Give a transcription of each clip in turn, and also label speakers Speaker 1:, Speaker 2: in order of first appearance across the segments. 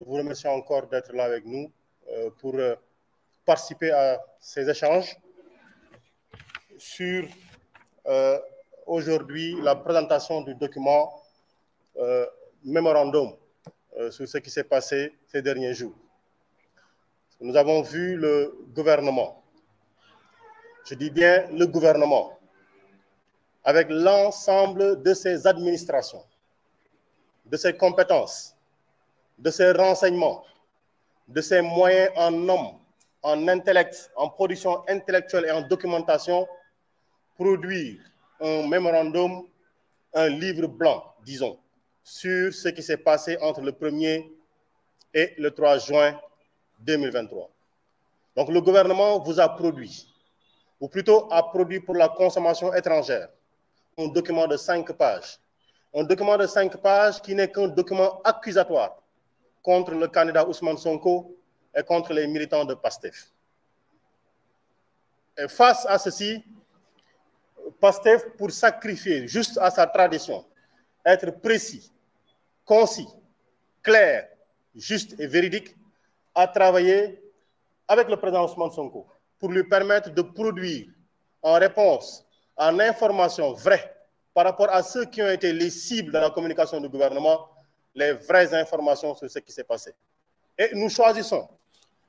Speaker 1: Je vous remercie encore d'être là avec nous euh, pour euh, participer à ces échanges sur euh, aujourd'hui la présentation du document mémorandum sur ce qui s'est passé ces derniers jours. Nous avons vu le gouvernement, je dis bien le gouvernement, avec l'ensemble de ses administrations, de ses compétences, de ces renseignements, de ces moyens en hommes, en intellect, en production intellectuelle et en documentation, produire un mémorandum, un livre blanc, disons, sur ce qui s'est passé entre le 1er et le 3 juin 2023. Donc le gouvernement vous a produit, ou plutôt a produit pour la consommation étrangère, un document de cinq pages. Un document de cinq pages qui n'est qu'un document accusatoire contre le candidat Ousmane Sonko et contre les militants de PASTEF. Et face à ceci, PASTEF, pour sacrifier juste à sa tradition, être précis, concis, clair, juste et véridique, a travaillé avec le président Ousmane Sonko pour lui permettre de produire en réponse, en information vraie par rapport à ceux qui ont été les cibles dans la communication du gouvernement, les vraies informations sur ce qui s'est passé. Et nous choisissons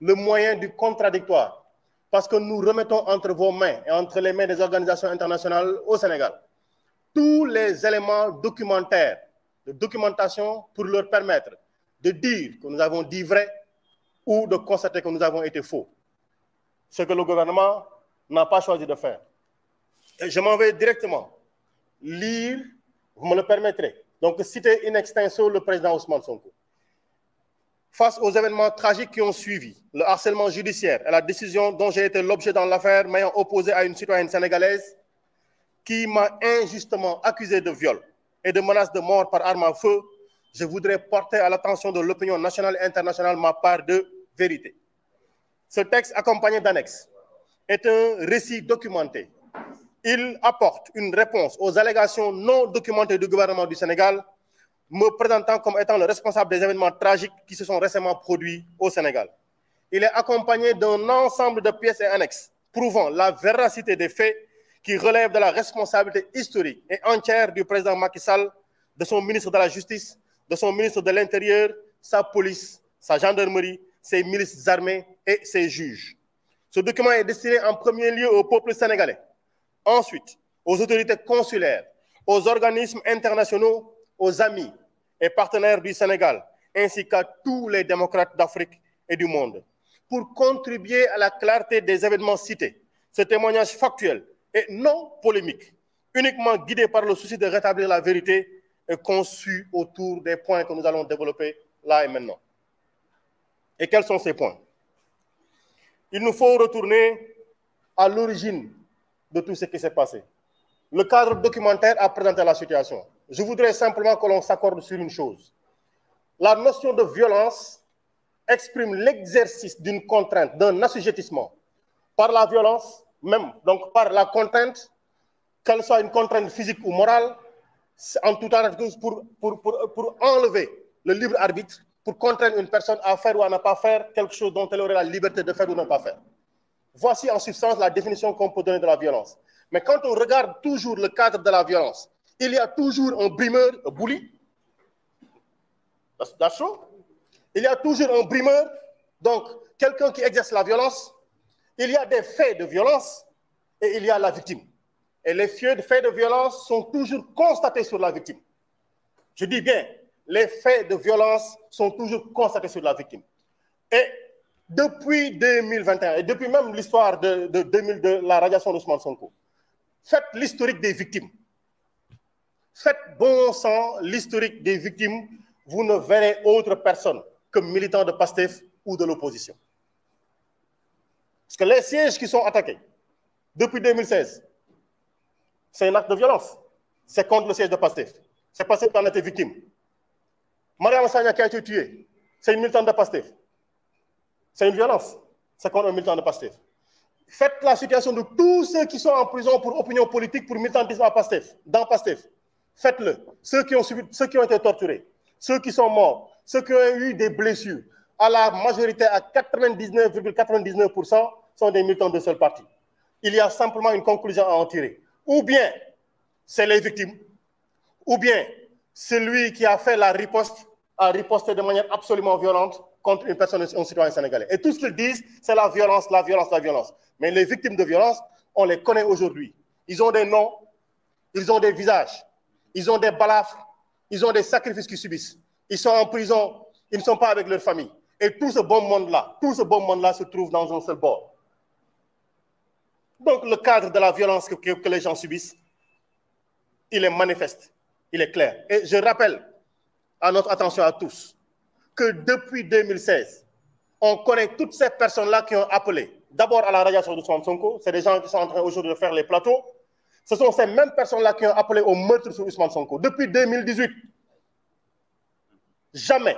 Speaker 1: le moyen du contradictoire parce que nous remettons entre vos mains et entre les mains des organisations internationales au Sénégal tous les éléments documentaires, de documentation pour leur permettre de dire que nous avons dit vrai ou de constater que nous avons été faux. Ce que le gouvernement n'a pas choisi de faire. Et je m'en vais directement lire, vous me le permettrez, donc, citer in extenso le président Ousmane Sonko. Face aux événements tragiques qui ont suivi, le harcèlement judiciaire et la décision dont j'ai été l'objet dans l'affaire m'ayant opposé à une citoyenne sénégalaise qui m'a injustement accusé de viol et de menace de mort par arme à feu, je voudrais porter à l'attention de l'opinion nationale et internationale ma part de vérité. Ce texte accompagné d'annexes est un récit documenté il apporte une réponse aux allégations non documentées du gouvernement du Sénégal, me présentant comme étant le responsable des événements tragiques qui se sont récemment produits au Sénégal. Il est accompagné d'un ensemble de pièces et annexes prouvant la véracité des faits qui relèvent de la responsabilité historique et entière du président Macky Sall, de son ministre de la Justice, de son ministre de l'Intérieur, sa police, sa gendarmerie, ses milices armées et ses juges. Ce document est destiné en premier lieu au peuple sénégalais Ensuite, aux autorités consulaires, aux organismes internationaux, aux amis et partenaires du Sénégal, ainsi qu'à tous les démocrates d'Afrique et du monde. Pour contribuer à la clarté des événements cités, ce témoignage factuel et non polémique, uniquement guidé par le souci de rétablir la vérité, est conçu autour des points que nous allons développer là et maintenant. Et quels sont ces points Il nous faut retourner à l'origine de tout ce qui s'est passé. Le cadre documentaire a présenté la situation. Je voudrais simplement que l'on s'accorde sur une chose. La notion de violence exprime l'exercice d'une contrainte, d'un assujettissement par la violence même, donc par la contrainte, qu'elle soit une contrainte physique ou morale, en tout cas pour, pour, pour, pour enlever le libre arbitre, pour contraindre une personne à faire ou à ne pas faire quelque chose dont elle aurait la liberté de faire ou de ne pas faire. Voici en substance la définition qu'on peut donner de la violence. Mais quand on regarde toujours le cadre de la violence, il y a toujours un brimeur, un bully. Il y a toujours un brimeur, donc quelqu'un qui exerce la violence. Il y a des faits de violence et il y a la victime. Et les faits de violence sont toujours constatés sur la victime. Je dis bien, les faits de violence sont toujours constatés sur la victime. Et depuis 2021 et depuis même l'histoire de, 2002, la radiation d'Ousmane Sonko, faites l'historique des victimes. Faites bon sang l'historique des victimes. Vous ne verrez autre personne que militant de PASTEF ou de l'opposition. Parce que les sièges qui sont attaqués depuis 2016, c'est un acte de violence. C'est contre le siège de PASTEF. C'est passé par notre été victime. Maria Sagna qui a été tuée, c'est une militante de PASTEF. C'est une violence. C'est contre un militant de Pastef. Faites la situation de tous ceux qui sont en prison pour opinion politique, pour militantisme à Pastef, dans Pastef. Faites-le. Ceux qui ont ceux qui ont été torturés, ceux qui sont morts, ceux qui ont eu des blessures, à la majorité, à 99,99% sont des militants de seul parti. Il y a simplement une conclusion à en tirer. Ou bien c'est les victimes, ou bien celui qui a fait la riposte a riposté de manière absolument violente, contre une personne, un citoyen sénégalais. Et tout ce qu'ils disent, c'est la violence, la violence, la violence. Mais les victimes de violence, on les connaît aujourd'hui. Ils ont des noms, ils ont des visages, ils ont des balafres, ils ont des sacrifices qu'ils subissent. Ils sont en prison, ils ne sont pas avec leur famille. Et tout ce bon monde-là, tout ce bon monde-là se trouve dans un seul bord. Donc le cadre de la violence que, que les gens subissent, il est manifeste, il est clair. Et je rappelle à notre attention à tous que depuis 2016, on connaît toutes ces personnes-là qui ont appelé d'abord à la radiation sur Ousmane Sonko. C'est des gens qui sont en train aujourd'hui de faire les plateaux. Ce sont ces mêmes personnes-là qui ont appelé au meurtre sur Ousmane Sonko depuis 2018. Jamais,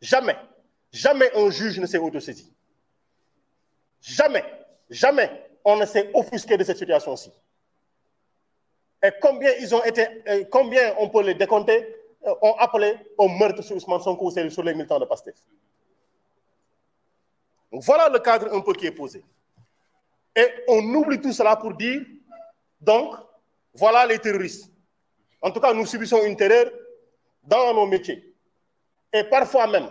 Speaker 1: jamais, jamais un juge ne s'est autosaisi. Jamais, jamais on ne s'est offusqué de cette situation-ci. Et combien ils ont été, combien on peut les décompter ont appelé au meurtre sur Ousmane Sonko ou sur les militants de Pastef. Donc voilà le cadre un peu qui est posé. Et on oublie tout cela pour dire, donc, voilà les terroristes. En tout cas, nous subissons une terreur dans nos métiers. Et parfois même,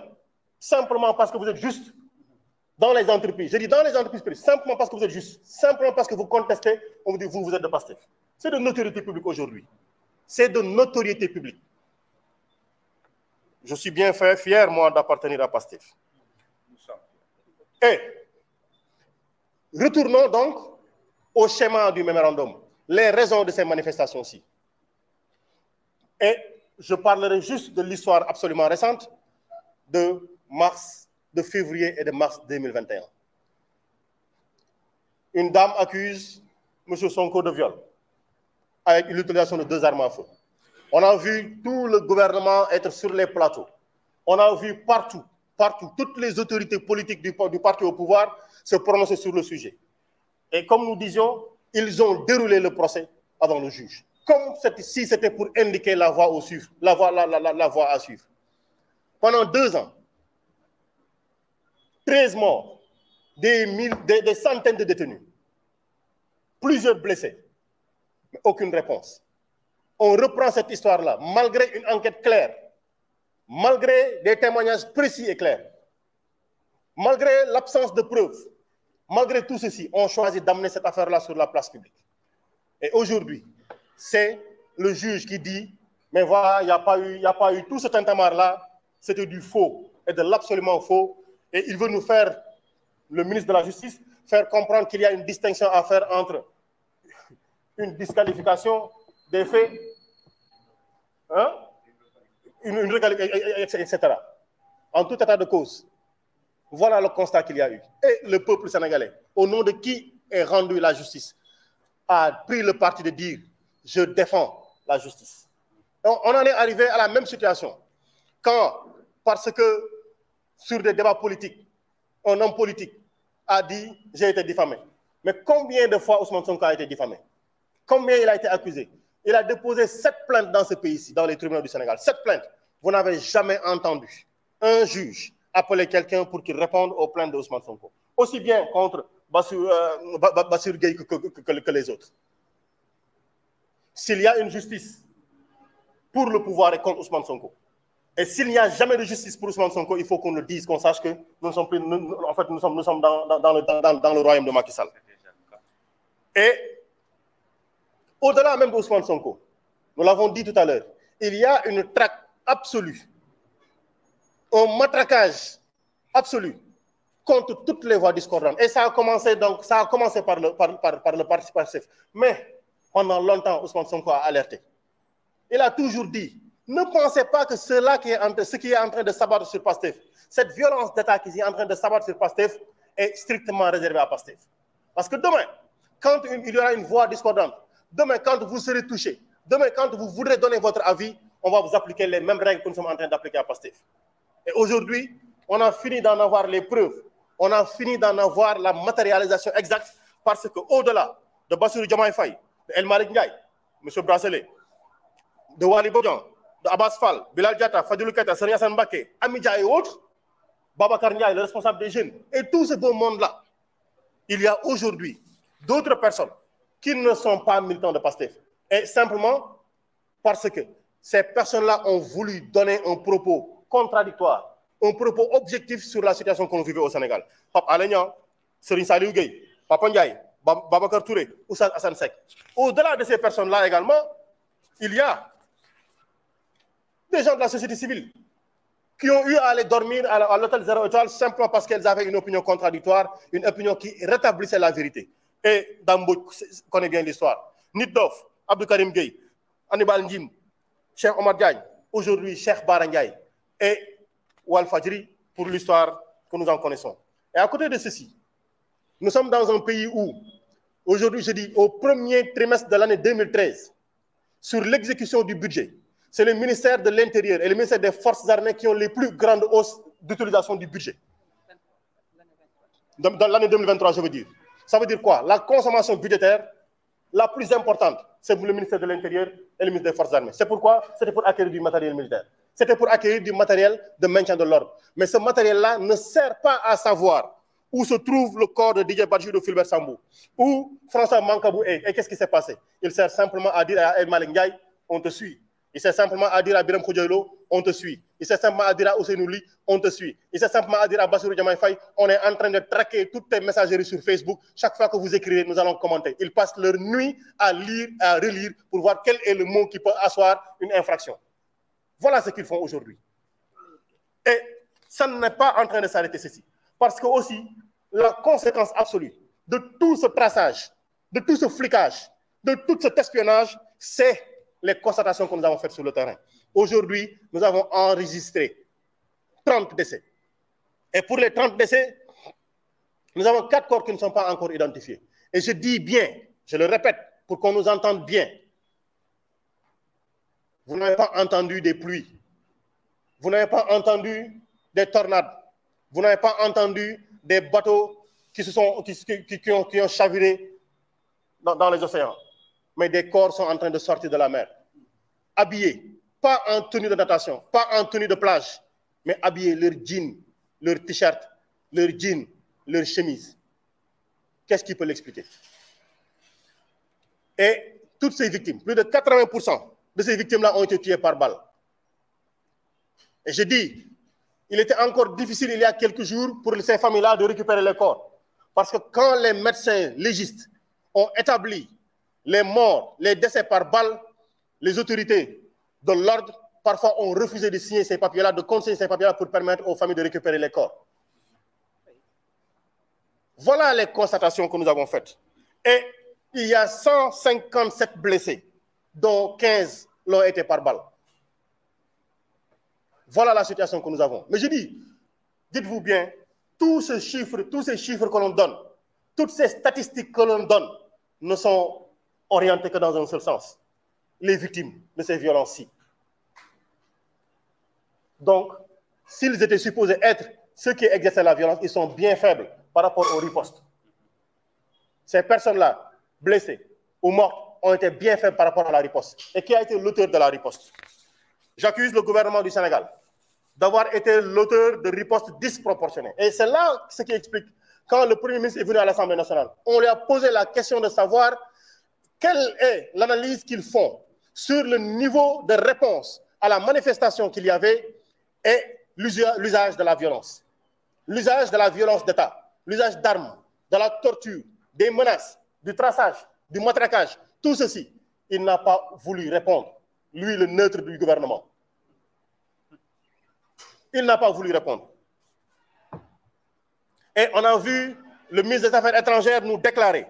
Speaker 1: simplement parce que vous êtes juste dans les entreprises. Je dis dans les entreprises, simplement parce que vous êtes juste, simplement parce que vous contestez, on vous dit vous, vous êtes de Pastef. C'est de notoriété publique aujourd'hui. C'est de notoriété publique. Je suis bien fier, moi, d'appartenir à PASTEF. Et retournons donc au schéma du mémorandum, les raisons de ces manifestations-ci. Et je parlerai juste de l'histoire absolument récente de mars, de février et de mars 2021. Une dame accuse M. Sonko de viol avec l'utilisation de deux armes à feu. On a vu tout le gouvernement être sur les plateaux. On a vu partout, partout, toutes les autorités politiques du, parti au pouvoir se prononcer sur le sujet. Et comme nous disions, ils ont déroulé le procès avant le juge, comme si c'était pour indiquer la voie, au suivre, la, voie, la, à suivre. Pendant deux ans, 13 morts, des, des centaines de détenus, plusieurs blessés, mais aucune réponse on reprend cette histoire-là, malgré une enquête claire, malgré des témoignages précis et clairs, malgré l'absence de preuves, malgré tout ceci, on choisit d'amener cette affaire-là sur la place publique. Et aujourd'hui, c'est le juge qui dit, mais voilà, il n'y a, pas eu, a pas eu tout ce tintamarre-là, c'était du faux et de l'absolument faux. Et il veut nous faire, le ministre de la Justice, faire comprendre qu'il y a une distinction à faire entre une disqualification des faits, hein, une, etc. En tout état de cause. Voilà le constat qu'il y a eu. Et le peuple sénégalais, au nom de qui est rendu la justice, a pris le parti de dire je défends la justice. on en est arrivé à la même situation. Quand, parce que sur des débats politiques, un homme politique a dit j'ai été diffamé. Mais combien de fois Ousmane Sonko a été diffamé Combien il a été accusé il a déposé sept plaintes dans ce pays-ci, dans les tribunaux du Sénégal. Sept plaintes. Vous n'avez jamais entendu un juge appeler quelqu'un pour qu'il réponde aux plaintes d'Ousmane Sonko. Aussi bien contre Bassir, euh, Gueye que, les autres. S'il y a une justice pour le pouvoir et contre Ousmane Sonko, et s'il n'y a jamais de justice pour Ousmane Sonko, il faut qu'on le dise, qu'on sache que nous sommes, en fait, nous sommes, nous dans, le, dans, le, royaume de Macky Sall. Et au-delà même d'Ousmane Sonko, nous l'avons dit tout à l'heure, il y a une traque absolue, un matraquage absolu contre toutes les voix discordantes. Et ça a commencé, donc, ça a commencé par, le, par, le parti Mais pendant longtemps, Ousmane Sonko a alerté. Il a toujours dit ne pensez pas que cela qui est en, ce qui est en train de s'abattre sur Pastef, cette violence d'État qui est en train de s'abattre sur Pastef, est strictement réservée à Pastef. Parce que demain, quand il y aura une voix discordante Demain, quand vous serez touché, demain, quand vous voudrez donner votre avis, on va vous appliquer les mêmes règles que nous sommes en train d'appliquer à PASTEF. Et aujourd'hui, on a fini d'en avoir les preuves, on a fini d'en avoir la matérialisation exacte, parce qu'au-delà de Bassirou Diomaye de El Malik M. Brasselé, de Wali Bodan, de Abbas Fall, Bilal Diata, Fadilou Kata, Sani Amidja et autres, Baba Karnia, le responsable des jeunes, et tout ce beau monde-là, il y a aujourd'hui d'autres personnes qui ne sont pas militants de PASTEF. Et simplement parce que ces personnes-là ont voulu donner un propos contradictoire, un propos objectif sur la situation qu'on vivait au Sénégal. Papa Alignan, Serin Saliou Papa Ndiaye, Touré, Oussad Sek. Au-delà de ces personnes-là également, il y a des gens de la société civile qui ont eu à aller dormir à l'hôtel Zéro Étoile simplement parce qu'elles avaient une opinion contradictoire, une opinion qui rétablissait la vérité et Dambou connaît bien l'histoire. Nidov, Abdou Karim Gueye, Anibal Ndim, Cheikh Omar Diagne, aujourd'hui Cheikh Barangay et Wal Fadjri pour l'histoire que nous en connaissons. Et à côté de ceci, nous sommes dans un pays où, aujourd'hui, je dis, au premier trimestre de l'année 2013, sur l'exécution du budget, c'est le ministère de l'Intérieur et le ministère des Forces armées qui ont les plus grandes hausses d'utilisation du budget. Dans l'année 2023, je veux dire. Ça veut dire quoi La consommation budgétaire la plus importante, c'est le ministère de l'Intérieur et le ministère des Forces armées. C'est pourquoi C'était pour acquérir du matériel militaire. C'était pour acquérir du matériel de maintien de l'ordre. Mais ce matériel-là ne sert pas à savoir où se trouve le corps de Didier Badji de Fulbert Sambou, où François Mankabou est. Et qu'est-ce qui s'est passé Il sert simplement à dire à El Malengai on te suit. Il s'est simplement à dire à Biram Koudjoylo, on te suit. Il s'est simplement à dire à Oussenouli, on te suit. Il s'est simplement à dire à Bassirou Diamay on est en train de traquer toutes tes messageries sur Facebook. Chaque fois que vous écrivez, nous allons commenter. Ils passent leur nuit à lire, à relire pour voir quel est le mot qui peut asseoir une infraction. Voilà ce qu'ils font aujourd'hui. Et ça n'est pas en train de s'arrêter ceci. Parce que aussi, la conséquence absolue de tout ce traçage, de tout ce flicage, de tout cet espionnage, c'est les constatations que nous avons faites sur le terrain. Aujourd'hui, nous avons enregistré 30 décès. Et pour les 30 décès, nous avons quatre corps qui ne sont pas encore identifiés. Et je dis bien, je le répète, pour qu'on nous entende bien. Vous n'avez pas entendu des pluies. Vous n'avez pas entendu des tornades. Vous n'avez pas entendu des bateaux qui, se sont, qui, qui, ont, chaviré dans les océans mais des corps sont en train de sortir de la mer. Habillés, pas en tenue de natation, pas en tenue de plage, mais habillés leurs jeans, leurs t-shirts, leurs jeans, leurs chemises. Qu'est-ce qui peut l'expliquer Et toutes ces victimes, plus de 80% de ces victimes-là ont été tuées par balle. Et je dis, il était encore difficile il y a quelques jours pour ces familles-là de récupérer les corps. Parce que quand les médecins légistes ont établi les morts, les décès par balle, les autorités de l'ordre, parfois, ont refusé de signer ces papiers-là, de consigner ces papiers-là pour permettre aux familles de récupérer les corps. Voilà les constatations que nous avons faites. Et il y a 157 blessés, dont 15 l'ont été par balle. Voilà la situation que nous avons. Mais je dis, dites-vous bien, tous ces chiffres, tous ces chiffres que l'on donne, toutes ces statistiques que l'on donne ne sont orienté que dans un seul sens, les victimes de ces violences-ci. Donc, s'ils étaient supposés être ceux qui exerçaient la violence, ils sont bien faibles par rapport aux ripostes. Ces personnes-là, blessées ou mortes, ont été bien faibles par rapport à la riposte. Et qui a été l'auteur de la riposte J'accuse le gouvernement du Sénégal d'avoir été l'auteur de ripostes disproportionnées. Et c'est là ce qui explique quand le Premier ministre est venu à l'Assemblée nationale. On lui a posé la question de savoir quelle est l'analyse qu'ils font sur le niveau de réponse à la manifestation qu'il y avait et l'usage de la violence. L'usage de la violence d'État, l'usage d'armes, de la torture, des menaces, du traçage, du matraquage, tout ceci, il n'a pas voulu répondre, lui le neutre du gouvernement. Il n'a pas voulu répondre. Et on a vu le ministre des Affaires étrangères nous déclarer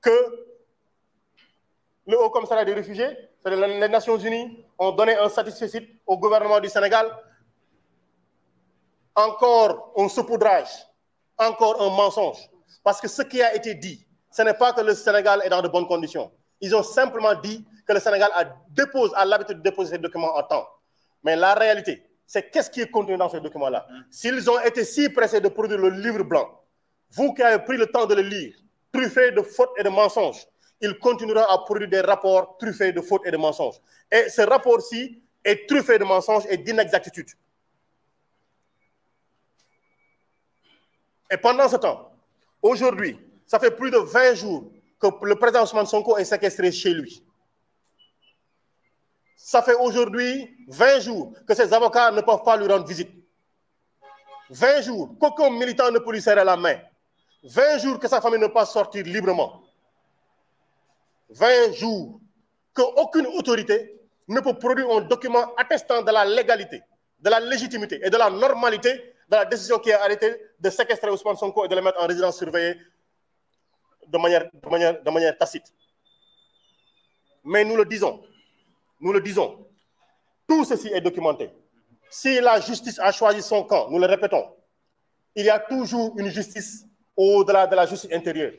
Speaker 1: que le Haut Commissariat des réfugiés, les Nations Unies ont donné un satisfait au gouvernement du Sénégal. Encore un saupoudrage, encore un mensonge. Parce que ce qui a été dit, ce n'est pas que le Sénégal est dans de bonnes conditions. Ils ont simplement dit que le Sénégal a, dépose, a l'habitude de déposer ses documents en temps. Mais la réalité, c'est qu'est-ce qui est contenu dans ces documents-là. S'ils ont été si pressés de produire le livre blanc, vous qui avez pris le temps de le lire, truffé de fautes et de mensonges, il continuera à produire des rapports truffés de fautes et de mensonges. Et ce rapport-ci est truffé de mensonges et d'inexactitudes. Et pendant ce temps, aujourd'hui, ça fait plus de 20 jours que le président Ousmane Sonko est séquestré chez lui. Ça fait aujourd'hui 20 jours que ses avocats ne peuvent pas lui rendre visite. 20 jours qu'aucun militant ne peut lui serrer la main. 20 jours que sa famille ne peut pas sortir librement. 20 jours qu'aucune autorité ne peut produire un document attestant de la légalité, de la légitimité et de la normalité de la décision qui a arrêté de séquestrer Ousmane Sonko et de le mettre en résidence surveillée de manière, manière, de manière tacite. Mais nous le disons, nous le disons, tout ceci est documenté. Si la justice a choisi son camp, nous le répétons, il y a toujours une justice au-delà de la justice intérieure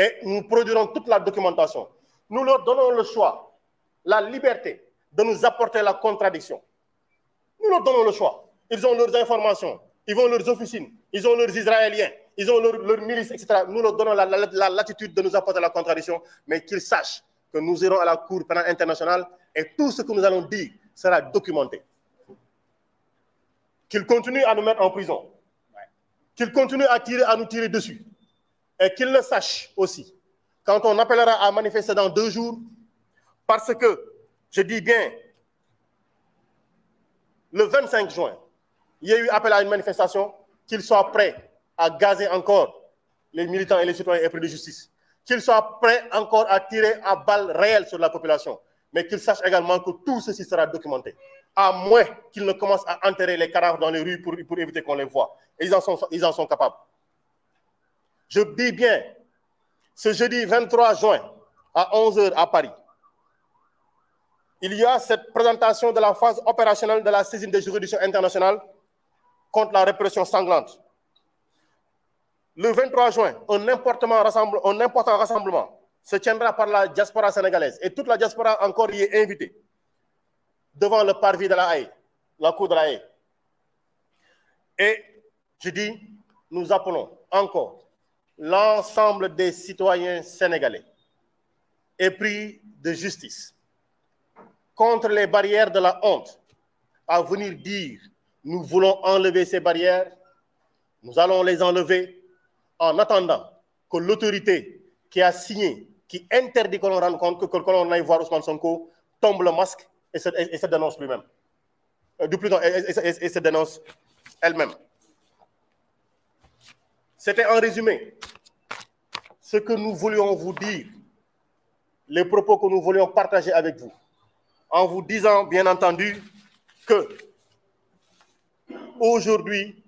Speaker 1: et nous produirons toute la documentation. Nous leur donnons le choix, la liberté de nous apporter la contradiction. Nous leur donnons le choix. Ils ont leurs informations, ils ont leurs officines, ils ont leurs Israéliens, ils ont leurs leur milices, etc. Nous leur donnons la, latitude de nous apporter la contradiction, mais qu'ils sachent que nous irons à la Cour pénale internationale et tout ce que nous allons dire sera documenté. Qu'ils continuent à nous mettre en prison. Qu'ils continuent à, tirer, à nous tirer dessus et qu'ils le sachent aussi. Quand on appellera à manifester dans deux jours, parce que, je dis bien, le 25 juin, il y a eu appel à une manifestation, qu'ils soient prêts à gazer encore les militants et les citoyens épris de justice, qu'ils soient prêts encore à tirer à balles réelles sur la population, mais qu'ils sachent également que tout ceci sera documenté, à moins qu'ils ne commencent à enterrer les cadavres dans les rues pour, éviter qu'on les voit. ils en sont, ils en sont capables. Je dis bien, ce jeudi 23 juin à 11h à Paris, il y a cette présentation de la phase opérationnelle de la saisine des juridictions internationales contre la répression sanglante. Le 23 juin, un important, rassemblement se tiendra par la diaspora sénégalaise et toute la diaspora encore y est invitée devant le parvis de la Haye, la cour de la Haye. Et je dis, nous appelons encore l'ensemble des citoyens sénégalais est pris de justice contre les barrières de la honte à venir dire nous voulons enlever ces barrières, nous allons les enlever en attendant que l'autorité qui a signé, qui interdit que l'on rende compte, que, l'on aille voir Ousmane Sonko, tombe le masque et se, dénonce lui-même. Euh, plus, et, et se dénonce elle-même. C'était en résumé ce que nous voulions vous dire, les propos que nous voulions partager avec vous, en vous disant, bien entendu, que aujourd'hui,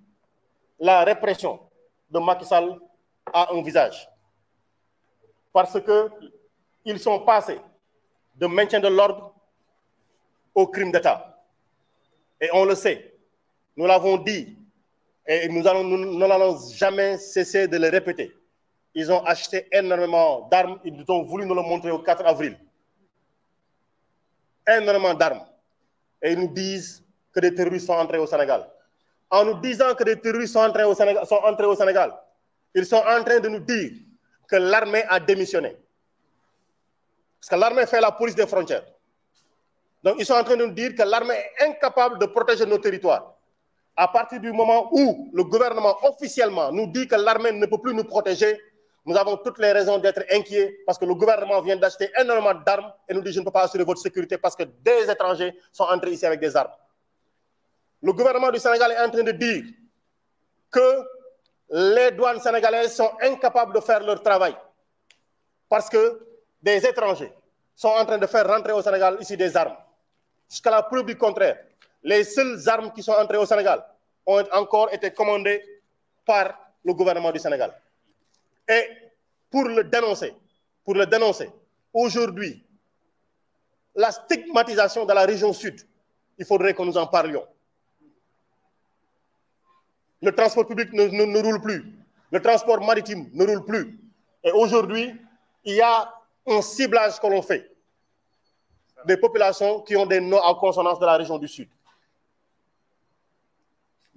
Speaker 1: la répression de Macky Sall a un visage. Parce que ils sont passés de maintien de l'ordre au crime d'État. Et on le sait, nous l'avons dit, et nous n'allons jamais cesser de le répéter. Ils ont acheté énormément d'armes. Ils ont voulu nous le montrer au 4 avril. Énormément d'armes. Et ils nous disent que des terroristes sont entrés au Sénégal. En nous disant que des terroristes sont entrés au Sénégal, sont entrés au Sénégal ils sont en train de nous dire que l'armée a démissionné. Parce que l'armée fait la police des frontières. Donc ils sont en train de nous dire que l'armée est incapable de protéger nos territoires. À partir du moment où le gouvernement officiellement nous dit que l'armée ne peut plus nous protéger, nous avons toutes les raisons d'être inquiets parce que le gouvernement vient d'acheter énormément d'armes et nous dit je ne peux pas assurer votre sécurité parce que des étrangers sont entrés ici avec des armes. Le gouvernement du Sénégal est en train de dire que les douanes sénégalaises sont incapables de faire leur travail parce que des étrangers sont en train de faire rentrer au Sénégal ici des armes. Jusqu'à la preuve du contraire, les seules armes qui sont entrées au Sénégal ont encore été commandées par le gouvernement du Sénégal. Et pour le dénoncer, pour le dénoncer, aujourd'hui, la stigmatisation de la région sud, il faudrait que nous en parlions. Le transport public ne, ne roule plus. Le transport maritime ne roule plus. Et aujourd'hui, il y a un ciblage que l'on fait des populations qui ont des noms en consonance de la région du sud.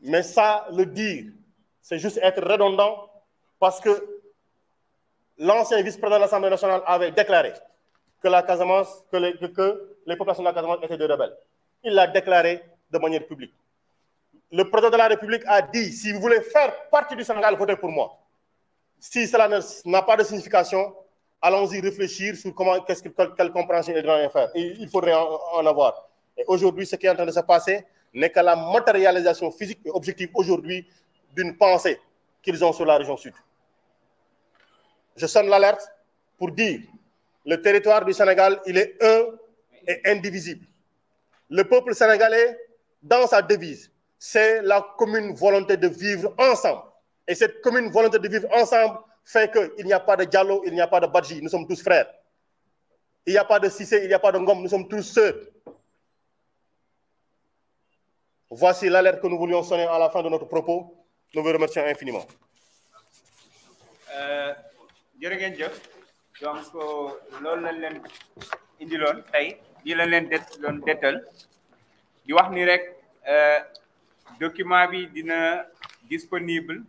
Speaker 1: Mais ça, le dire, c'est juste être redondant parce que l'ancien vice-président de l'Assemblée nationale avait déclaré que la Casamance, que les, populations de la Casamance étaient des rebelles. Il l'a déclaré de manière publique. Le président de la République a dit si vous voulez faire partie du Sénégal, votez pour moi. Si cela n'a pas de signification, allons-y réfléchir sur comment, qu'est-ce que, quelle compréhension il devrait faire. il faudrait en, en avoir. Et aujourd'hui, ce qui est en train de se passer n'est qu'à la matérialisation physique et objective aujourd'hui d'une pensée qu'ils ont sur la région sud je sonne l'alerte pour dire le territoire du Sénégal, il est un et indivisible. Le peuple sénégalais, dans sa devise, c'est la commune volonté de vivre ensemble. Et cette commune volonté de vivre ensemble fait qu'il n'y a pas de Diallo, il n'y a pas de Badji, nous sommes tous frères. Il n'y a pas de Sissé, il n'y a pas de Ngom, nous sommes tous seuls. Voici l'alerte que nous voulions sonner à la fin de notre propos. Nous vous remercions infiniment. Euh, jërë ngeen jëf donc euh, loolu lañ leen indiloon tey lii lañ leen det doon di wax ni rek euh, document bi dina disponible